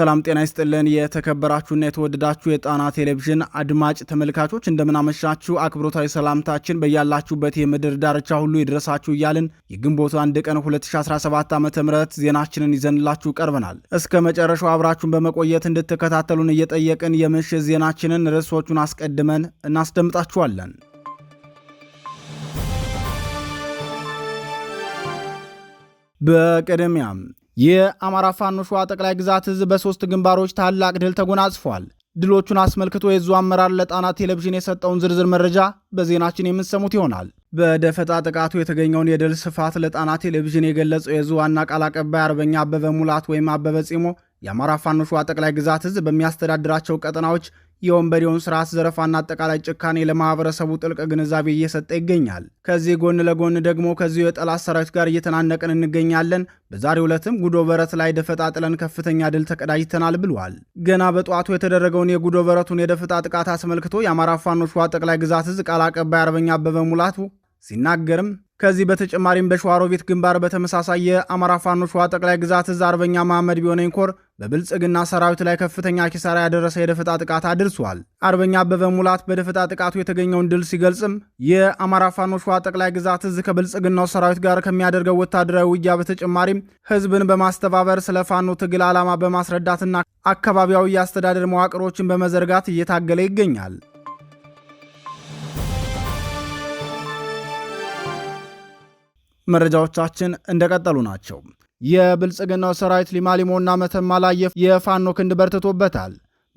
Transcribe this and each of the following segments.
ሰላም ጤና ይስጥልን። የተከበራችሁና የተወደዳችሁ የጣና ቴሌቪዥን አድማጭ ተመልካቾች እንደምናመሻችሁ፣ አክብሮታዊ ሰላምታችን በያላችሁበት የምድር ዳርቻ ሁሉ ይድረሳችሁ እያልን የግንቦቱ አንድ ቀን 2017 ዓ ም ዜናችንን ይዘንላችሁ ቀርበናል። እስከ መጨረሻው አብራችሁን በመቆየት እንድትከታተሉን እየጠየቅን የምሽት ዜናችንን ርዕሶቹን አስቀድመን እናስደምጣችኋለን። በቅድሚያም የአማራ ፋኖ ሸዋ ጠቅላይ ግዛት እዝ በሶስት ግንባሮች ታላቅ ድል ተጎናጽፏል። ድሎቹን አስመልክቶ የዙ አመራር ለጣና ቴሌቪዥን የሰጠውን ዝርዝር መረጃ በዜናችን የምንሰሙት ይሆናል። በደፈጣ ጥቃቱ የተገኘውን የድል ስፋት ለጣና ቴሌቪዥን የገለጸው የዙ ዋና ቃል አቀባይ አርበኛ አበበ ሙላት ወይም አበበ ጺሞ የአማራ ፋኖ ሸዋ ጠቅላይ ግዛት እዝ በሚያስተዳድራቸው ቀጠናዎች የወንበዴውን ስርዓት ዘረፋና አጠቃላይ ጭካኔ ለማህበረሰቡ ጥልቅ ግንዛቤ እየሰጠ ይገኛል። ከዚህ ጎን ለጎን ደግሞ ከዚሁ የጠላት ሰራዊት ጋር እየተናነቅን እንገኛለን። በዛሬው ዕለትም ጉዶ በረት ላይ ደፈጣ ጥለን ከፍተኛ ድል ተቀዳጅተናል ብሏል። ገና በጠዋቱ የተደረገውን የጉዶ በረቱን የደፈጣ ጥቃት አስመልክቶ የአማራ ፋኖ ሸዋ ጠቅላይ ግዛት እዝ ቃል አቀባይ አርበኛ አበበ ሙላቱ ሲናገርም ከዚህ በተጨማሪም በሸዋሮቢት ግንባር በተመሳሳይ የአማራ ፋኖ ሸዋ ጠቅላይ ግዛት እዝ አርበኛ መሐመድ ቢሆነኝ ኮር በብልጽግና ሰራዊት ላይ ከፍተኛ ኪሳራ ያደረሰ የደፈጣ ጥቃት አድርሷል። አርበኛ አበበ ሙላት በደፈጣ ጥቃቱ የተገኘውን ድል ሲገልጽም የአማራ ፋኖ ሸዋ ጠቅላይ ግዛት እዝ ከብልጽግናው ሰራዊት ጋር ከሚያደርገው ወታደራዊ ውጊያ በተጨማሪም ህዝብን በማስተባበር ስለ ፋኖ ትግል ዓላማ በማስረዳትና አካባቢያዊ የአስተዳደር መዋቅሮችን በመዘርጋት እየታገለ ይገኛል። መረጃዎቻችን እንደቀጠሉ ናቸው። የብልጽግናው ሰራዊት ሊማሊሞና መተማ ላይ የፋኖ ክንድ በርትቶበታል።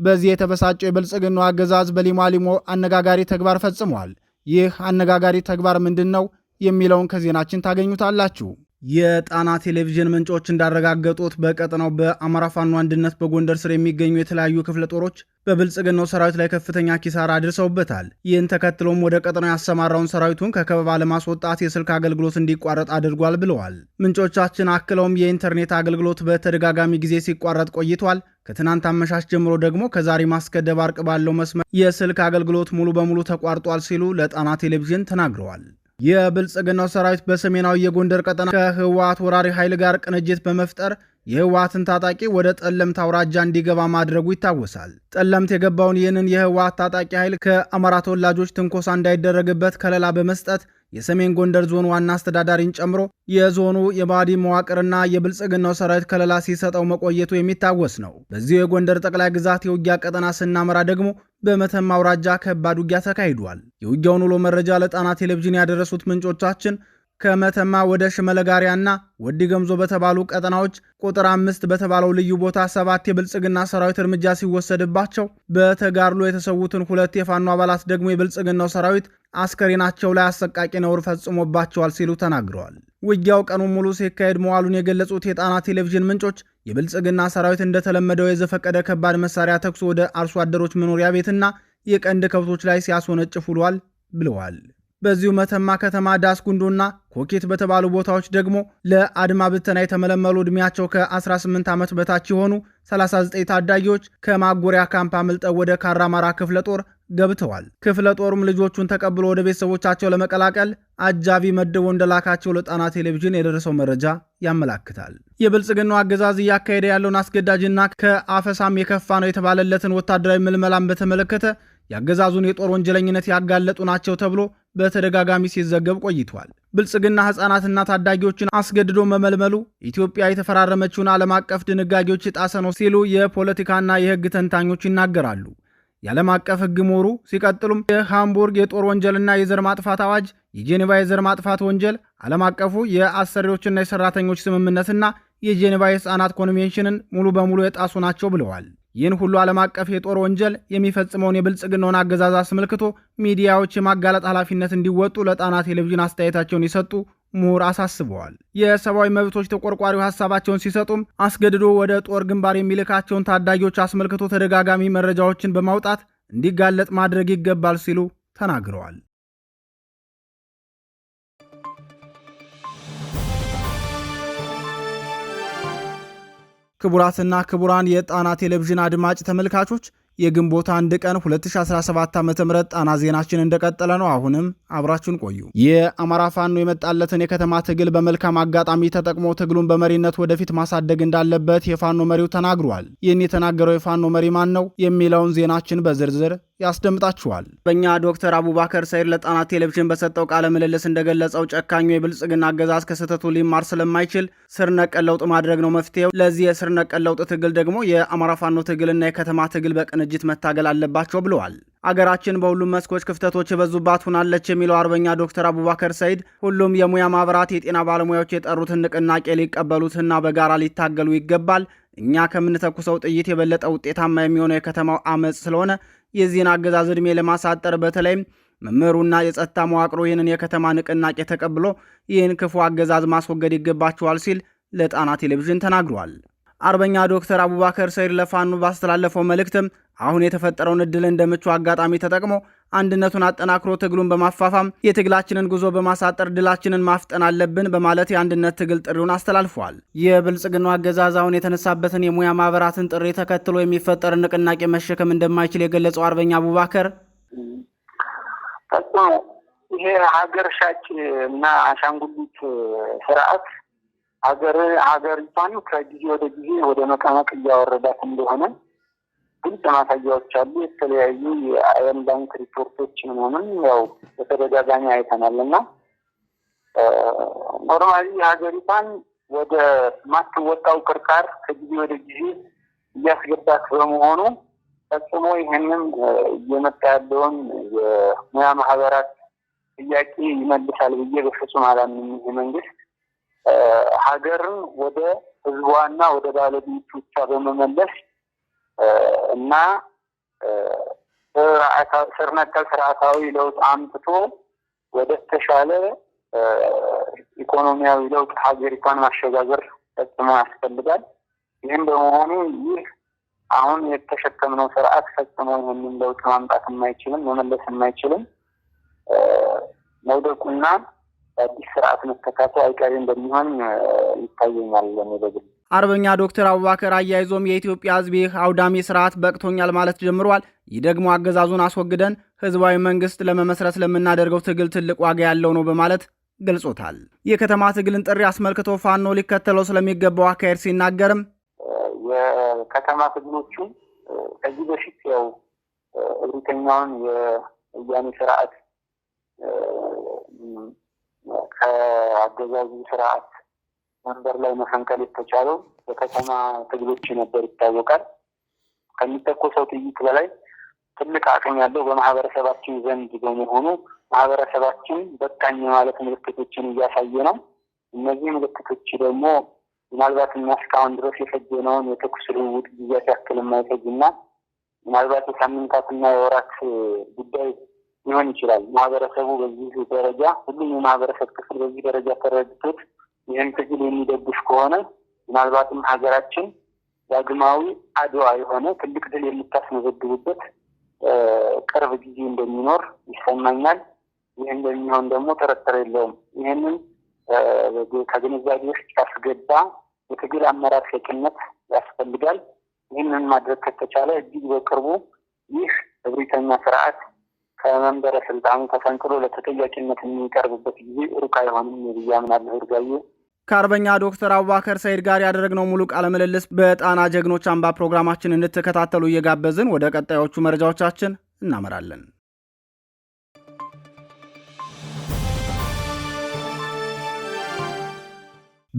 በዚህ የተበሳጨው የብልጽግናው አገዛዝ በሊማሊሞ አነጋጋሪ ተግባር ፈጽሟል። ይህ አነጋጋሪ ተግባር ምንድን ነው የሚለውን ከዜናችን ታገኙታላችሁ። የጣና ቴሌቪዥን ምንጮች እንዳረጋገጡት በቀጠናው በአማራ ፋኖ አንድነት በጎንደር ስር የሚገኙ የተለያዩ ክፍለ ጦሮች በብልጽግናው ሰራዊት ላይ ከፍተኛ ኪሳራ አድርሰውበታል። ይህን ተከትሎም ወደ ቀጠናው ያሰማራውን ሰራዊቱን ከከበባ ለማስወጣት የስልክ አገልግሎት እንዲቋረጥ አድርጓል ብለዋል። ምንጮቻችን አክለውም የኢንተርኔት አገልግሎት በተደጋጋሚ ጊዜ ሲቋረጥ ቆይቷል። ከትናንት አመሻሽ ጀምሮ ደግሞ ከዛሬ ማስከደብ አርቅ ባለው መስመር የስልክ አገልግሎት ሙሉ በሙሉ ተቋርጧል ሲሉ ለጣና ቴሌቪዥን ተናግረዋል። የብልጽግናው ሰራዊት በሰሜናዊ የጎንደር ቀጠና ከህወሓት ወራሪ ኃይል ጋር ቅንጅት በመፍጠር የህወሓትን ታጣቂ ወደ ጠለምት አውራጃ እንዲገባ ማድረጉ ይታወሳል። ጠለምት የገባውን ይህንን የህወሓት ታጣቂ ኃይል ከአማራ ተወላጆች ትንኮሳ እንዳይደረግበት ከለላ በመስጠት የሰሜን ጎንደር ዞን ዋና አስተዳዳሪን ጨምሮ የዞኑ የባዲ መዋቅርና የብልጽግናው ሰራዊት ከለላ ሲሰጠው መቆየቱ የሚታወስ ነው። በዚሁ የጎንደር ጠቅላይ ግዛት የውጊያ ቀጠና ስናመራ ደግሞ በመተማ አውራጃ ከባድ ውጊያ ተካሂዷል። የውጊያውን ውሎ መረጃ ለጣና ቴሌቪዥን ያደረሱት ምንጮቻችን ከመተማ ወደ ሽመለጋሪያና ወዲ ገምዞ በተባሉ ቀጠናዎች ቁጥር አምስት በተባለው ልዩ ቦታ ሰባት የብልጽግና ሰራዊት እርምጃ ሲወሰድባቸው በተጋድሎ የተሰዉትን ሁለት የፋኖ አባላት ደግሞ የብልጽግናው ሰራዊት አስከሬናቸው ላይ አሰቃቂ ነውር ፈጽሞባቸዋል ሲሉ ተናግረዋል። ውጊያው ቀኑን ሙሉ ሲካሄድ መዋሉን የገለጹት የጣና ቴሌቪዥን ምንጮች የብልጽግና ሰራዊት እንደተለመደው የዘፈቀደ ከባድ መሳሪያ ተኩሶ ወደ አርሶ አደሮች መኖሪያ ቤትና የቀንድ ከብቶች ላይ ሲያስወነጭፍ ውሏል ብለዋል። በዚሁ መተማ ከተማ ዳስጉንዶና ኮኬት በተባሉ ቦታዎች ደግሞ ለአድማ ብተና የተመለመሉ ዕድሜያቸው ከ18 ዓመት በታች የሆኑ 39 ታዳጊዎች ከማጎሪያ ካምፕ አምልጠው ወደ ካራማራ ክፍለ ጦር ገብተዋል። ክፍለ ጦሩም ልጆቹን ተቀብሎ ወደ ቤተሰቦቻቸው ለመቀላቀል አጃቢ መድቦ እንደላካቸው ለጣና ቴሌቪዥን የደረሰው መረጃ ያመላክታል። የብልጽግናው አገዛዝ እያካሄደ ያለውን አስገዳጅና ከአፈሳም የከፋ ነው የተባለለትን ወታደራዊ ምልመላን በተመለከተ የአገዛዙን የጦር ወንጀለኝነት ያጋለጡ ናቸው ተብሎ በተደጋጋሚ ሲዘገብ ቆይቷል። ብልጽግና ሕፃናትና ታዳጊዎችን አስገድዶ መመልመሉ ኢትዮጵያ የተፈራረመችውን ዓለም አቀፍ ድንጋጌዎች የጣሰ ነው ሲሉ የፖለቲካና የሕግ ተንታኞች ይናገራሉ። የዓለም አቀፍ ሕግ ምሁሩ ሲቀጥሉም የሃምቡርግ የጦር ወንጀልና የዘር ማጥፋት አዋጅ፣ የጄኔቫ የዘር ማጥፋት ወንጀል፣ ዓለም አቀፉ የአሰሪዎችና የሰራተኞች ስምምነትና የጄኔቫ የሕፃናት ኮንቬንሽንን ሙሉ በሙሉ የጣሱ ናቸው ብለዋል። ይህን ሁሉ ዓለም አቀፍ የጦር ወንጀል የሚፈጽመውን የብልጽግናውን አገዛዝ አስመልክቶ ሚዲያዎች የማጋለጥ ኃላፊነት እንዲወጡ ለጣና ቴሌቪዥን አስተያየታቸውን የሰጡ ምሁር አሳስበዋል። የሰብአዊ መብቶች ተቆርቋሪው ሀሳባቸውን ሲሰጡም አስገድዶ ወደ ጦር ግንባር የሚልካቸውን ታዳጊዎች አስመልክቶ ተደጋጋሚ መረጃዎችን በማውጣት እንዲጋለጥ ማድረግ ይገባል ሲሉ ተናግረዋል። ክቡራትና ክቡራን የጣና ቴሌቪዥን አድማጭ ተመልካቾች የግንቦት አንድ ቀን 2017 ዓ ም ጣና ዜናችን እንደቀጠለ ነው። አሁንም አብራችን ቆዩ። የአማራ ፋኖ የመጣለትን የከተማ ትግል በመልካም አጋጣሚ ተጠቅሞ ትግሉን በመሪነት ወደፊት ማሳደግ እንዳለበት የፋኖ መሪው ተናግሯል። ይህን የተናገረው የፋኖ መሪ ማን ነው የሚለውን ዜናችን በዝርዝር ያስደምጣችኋል። በእኛ ዶክተር አቡባከር ሰይር ለጣና ቴሌቪዥን በሰጠው ቃለ ምልልስ እንደገለጸው ጨካኙ የብልጽግና አገዛዝ ከስህተቱ ሊማር ስለማይችል ስር ነቀል ለውጥ ማድረግ ነው መፍትሄው። ለዚህ የስር ነቀል ለውጥ ትግል ደግሞ የአማራ ፋኖ ትግልና የከተማ ትግል በቅንጅት መታገል አለባቸው ብለዋል። አገራችን በሁሉም መስኮች ክፍተቶች የበዙባት ሆናለች የሚለው አርበኛ ዶክተር አቡባከር ሰይድ ሁሉም የሙያ ማህበራት የጤና ባለሙያዎች የጠሩትን ንቅናቄ ሊቀበሉትና በጋራ ሊታገሉ ይገባል። እኛ ከምንተኩሰው ጥይት የበለጠ ውጤታማ የሚሆነው የከተማው አመፅ ስለሆነ የዚህን አገዛዝ ዕድሜ ለማሳጠር በተለይም መምህሩና የጸጥታ መዋቅሮ ይህንን የከተማ ንቅናቄ ተቀብሎ ይህን ክፉ አገዛዝ ማስወገድ ይገባቸዋል ሲል ለጣና ቴሌቪዥን ተናግሯል። አርበኛ ዶክተር አቡባከር ሰይድ ለፋኑ ባስተላለፈው መልእክትም አሁን የተፈጠረውን እድል እንደምቹ አጋጣሚ ተጠቅሞ አንድነቱን አጠናክሮ ትግሉን በማፋፋም የትግላችንን ጉዞ በማሳጠር ድላችንን ማፍጠን አለብን በማለት የአንድነት ትግል ጥሪውን አስተላልፏል። የብልጽግናው አገዛዝ አሁን የተነሳበትን የሙያ ማህበራትን ጥሪ ተከትሎ የሚፈጠር ንቅናቄ መሸከም እንደማይችል የገለጸው አርበኛ አቡባከር ይሄ ሀገር ሻጭ እና አሻንጉሊት ስርዓት ሀገር ሀገሪቷን ከጊዜ ወደ ጊዜ ወደ መቀመቅ እያወረዳት እንደሆነ ግልጽ ማሳያዎች አሉ። የተለያዩ የአለም ባንክ ሪፖርቶች ምናምን ያው በተደጋጋሚ አይተናል እና ኖርማሊ የሀገሪቷን ወደ ማትወጣው ቅርቃር ከጊዜ ወደ ጊዜ እያስገባት በመሆኑ ፈጽሞ ይህንን እየመጣ ያለውን የሙያ ማህበራት ጥያቄ ይመልሳል ብዬ በፍጹም አላምንም። ይህ መንግስት ሀገርን ወደ ህዝቧና ወደ ባለቤቶቿ በመመለስ እና ስር ነቀል ስርዓታዊ ለውጥ አምጥቶ ወደ ተሻለ ኢኮኖሚያዊ ለውጥ ሀገሪቷን ማሸጋገር ፈጽሞ ያስፈልጋል። ይህም በመሆኑ ይህ አሁን የተሸከምነው ስርዓት ፈጽሞ ይህንን ለውጥ ማምጣት የማይችልም መመለስ የማይችልም መውደቁና አዲስ ስርዓት መተካቱ አይቀሬ እንደሚሆን ይታየኛል ለሚበግል አርበኛ ዶክተር አቡባከር አያይዞም የኢትዮጵያ ህዝብ ይህ አውዳሚ ስርዓት በቅቶኛል ማለት ጀምሯል። ይህ ደግሞ አገዛዙን አስወግደን ህዝባዊ መንግስት ለመመስረት ለምናደርገው ትግል ትልቅ ዋጋ ያለው ነው በማለት ገልጾታል። የከተማ ትግልን ጥሪ አስመልክቶ ፋኖ ሊከተለው ስለሚገባው አካሄድ ሲናገርም የከተማ ትግሎቹን ከዚህ በፊት ያው እብሪተኛውን የወያኔ ስርዓት ከአገዛዙ ስርዓት መንበር ላይ መፈንቀል የተቻለው በከተማ ትግሎች ነበር ይታወቃል። ከሚተኮሰው ጥይት በላይ ትልቅ አቅም ያለው በማህበረሰባችን ዘንድ በመሆኑ ማህበረሰባችን በቃኝ ማለት ምልክቶችን እያሳየ ነው። እነዚህ ምልክቶች ደግሞ ምናልባት እኛ እስካሁን ድረስ የፈጀነውን የተኩስ ልውውጥ ጊዜያት ያክል የማይፈጅና ምናልባት የሳምንታትና የወራት ጉዳይ ሊሆን ይችላል። ማህበረሰቡ በዚህ ደረጃ ሁሉም የማህበረሰብ ክፍል በዚህ ደረጃ ተረድቶት ይህን ትግል የሚደግፍ ከሆነ ምናልባትም ሀገራችን ዳግማዊ አድዋ የሆነ ትልቅ ድል የምታስመዘግብበት ቅርብ ጊዜ እንደሚኖር ይሰማኛል። ይህ እንደሚሆን ደግሞ ጥርጥር የለውም። ይህንን ከግንዛቤ ውስጥ ያስገባ የትግል አመራር ሸቅነት ያስፈልጋል። ይህንን ማድረግ ከተቻለ እጅግ በቅርቡ ይህ እብሪተኛ ስርዓት ከመንበረ ስልጣኑ ተፈንቅሎ ለተጠያቂነት የሚቀርብበት ጊዜ ሩቅ አይሆንም ብዬ አምናለሁ እርጋዬ። ከአርበኛ ዶክተር አቡባከር ሰይድ ጋር ያደረግነው ሙሉ ቃለ ምልልስ በጣና ጀግኖች አምባ ፕሮግራማችን እንድትከታተሉ እየጋበዝን ወደ ቀጣዮቹ መረጃዎቻችን እናመራለን።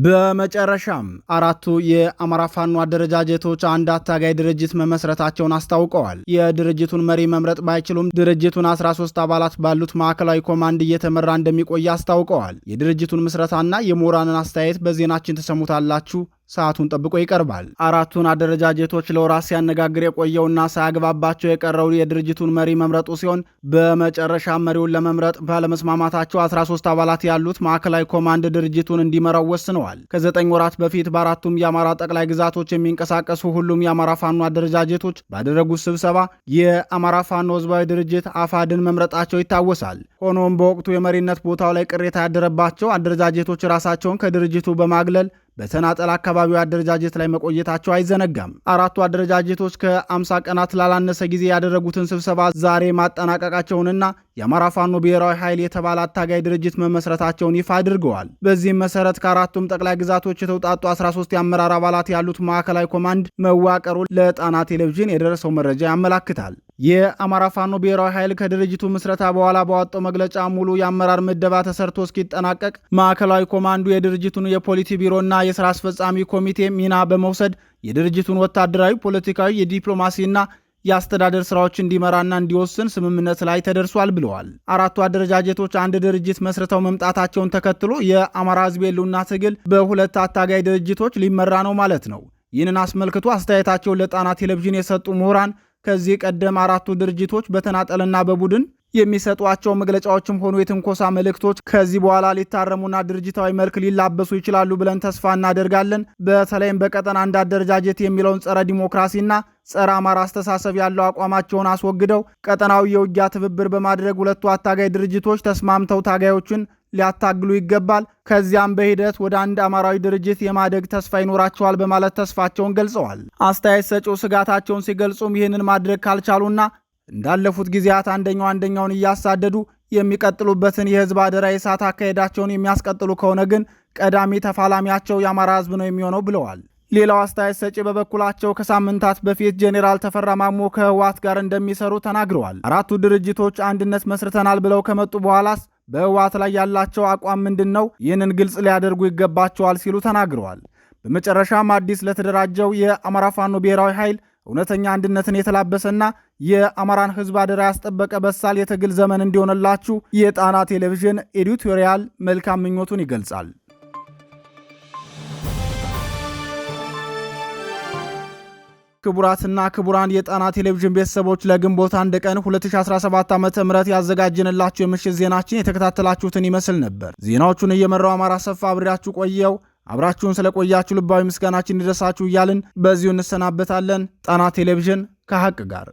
በመጨረሻም አራቱ የአማራ ፋኖ አደረጃጀቶች አንድ አታጋይ ድርጅት መመስረታቸውን አስታውቀዋል። የድርጅቱን መሪ መምረጥ ባይችሉም ድርጅቱን 13 አባላት ባሉት ማዕከላዊ ኮማንድ እየተመራ እንደሚቆይ አስታውቀዋል። የድርጅቱን ምስረታና የምሁራንን አስተያየት በዜናችን ተሰሙታላችሁ። ሰዓቱን ጠብቆ ይቀርባል። አራቱን አደረጃጀቶች ለወራት ሲያነጋግር የቆየውና ሳያግባባቸው የቀረው የድርጅቱን መሪ መምረጡ ሲሆን በመጨረሻ መሪውን ለመምረጥ ባለመስማማታቸው 13 አባላት ያሉት ማዕከላዊ ኮማንድ ድርጅቱን እንዲመራው ወስነዋል። ከዘጠኝ ወራት በፊት በአራቱም የአማራ ጠቅላይ ግዛቶች የሚንቀሳቀሱ ሁሉም የአማራ ፋኖ አደረጃጀቶች ባደረጉት ስብሰባ የአማራ ፋኖ ህዝባዊ ድርጅት አፋድን መምረጣቸው ይታወሳል። ሆኖም በወቅቱ የመሪነት ቦታው ላይ ቅሬታ ያደረባቸው አደረጃጀቶች ራሳቸውን ከድርጅቱ በማግለል በተናጠል አካባቢው አደረጃጀት ላይ መቆየታቸው አይዘነጋም። አራቱ አደረጃጀቶች ከ50 ቀናት ላላነሰ ጊዜ ያደረጉትን ስብሰባ ዛሬ ማጠናቀቃቸውንና የአማራ ፋኖ ብሔራዊ ኃይል የተባለ አታጋይ ድርጅት መመስረታቸውን ይፋ አድርገዋል። በዚህም መሰረት ከአራቱም ጠቅላይ ግዛቶች የተውጣጡ 13 የአመራር አባላት ያሉት ማዕከላዊ ኮማንድ መዋቀሩ ለጣና ቴሌቪዥን የደረሰው መረጃ ያመላክታል። የአማራ ፋኖ ብሔራዊ ኃይል ከድርጅቱ ምስረታ በኋላ ባወጣው መግለጫ ሙሉ የአመራር ምደባ ተሰርቶ እስኪጠናቀቅ ማዕከላዊ ኮማንዱ የድርጅቱን የፖሊቲ ቢሮና የስራ አስፈጻሚ ኮሚቴ ሚና በመውሰድ የድርጅቱን ወታደራዊ፣ ፖለቲካዊ፣ የዲፕሎማሲና የአስተዳደር ስራዎች እንዲመራና እንዲወስን ስምምነት ላይ ተደርሷል ብለዋል። አራቱ አደረጃጀቶች አንድ ድርጅት መስርተው መምጣታቸውን ተከትሎ የአማራ ህዝብ የሉና ትግል በሁለት አታጋይ ድርጅቶች ሊመራ ነው ማለት ነው። ይህንን አስመልክቶ አስተያየታቸውን ለጣና ቴሌቪዥን የሰጡ ምሁራን ከዚህ ቀደም አራቱ ድርጅቶች በተናጠልና በቡድን የሚሰጧቸው መግለጫዎችም ሆኑ የትንኮሳ መልእክቶች ከዚህ በኋላ ሊታረሙና ድርጅታዊ መልክ ሊላበሱ ይችላሉ ብለን ተስፋ እናደርጋለን። በተለይም በቀጠና አንድ አደረጃጀት የሚለውን ጸረ ዲሞክራሲና ጸረ አማራ አስተሳሰብ ያለው አቋማቸውን አስወግደው ቀጠናዊ የውጊያ ትብብር በማድረግ ሁለቱ አታጋይ ድርጅቶች ተስማምተው ታጋዮችን ሊያታግሉ ይገባል። ከዚያም በሂደት ወደ አንድ አማራዊ ድርጅት የማደግ ተስፋ ይኖራቸዋል በማለት ተስፋቸውን ገልጸዋል። አስተያየት ሰጪው ስጋታቸውን ሲገልጹም ይህንን ማድረግ ካልቻሉና እንዳለፉት ጊዜያት አንደኛው አንደኛውን እያሳደዱ የሚቀጥሉበትን የህዝብ አደራ የእሳት አካሄዳቸውን የሚያስቀጥሉ ከሆነ ግን ቀዳሚ ተፋላሚያቸው የአማራ ህዝብ ነው የሚሆነው ብለዋል። ሌላው አስተያየት ሰጪ በበኩላቸው ከሳምንታት በፊት ጄኔራል ተፈራ ማሞ ከህወሓት ጋር እንደሚሰሩ ተናግረዋል። አራቱ ድርጅቶች አንድነት መስርተናል ብለው ከመጡ በኋላስ በህወሓት ላይ ያላቸው አቋም ምንድን ነው? ይህንን ግልጽ ሊያደርጉ ይገባቸዋል ሲሉ ተናግረዋል። በመጨረሻም አዲስ ለተደራጀው የአማራ ፋኖ ብሔራዊ ኃይል እውነተኛ አንድነትን የተላበሰና የአማራን ሕዝብ አደራ ያስጠበቀ በሳል የትግል ዘመን እንዲሆንላችሁ የጣና ቴሌቪዥን ኤዲቶሪያል መልካም ምኞቱን ይገልጻል። ክቡራትና ክቡራን የጣና ቴሌቪዥን ቤተሰቦች ለግንቦት አንድ ቀን 2017 ዓ ም ያዘጋጀንላችሁ የምሽት ዜናችን የተከታተላችሁትን ይመስል ነበር። ዜናዎቹን እየመራው አማራ ሰፋ አብሬያችሁ ቆየው። አብራችሁን ስለቆያችሁ ልባዊ ምስጋናችን ይድረሳችሁ እያልን በዚሁ እንሰናበታለን። ጣና ቴሌቪዥን ከሀቅ ጋር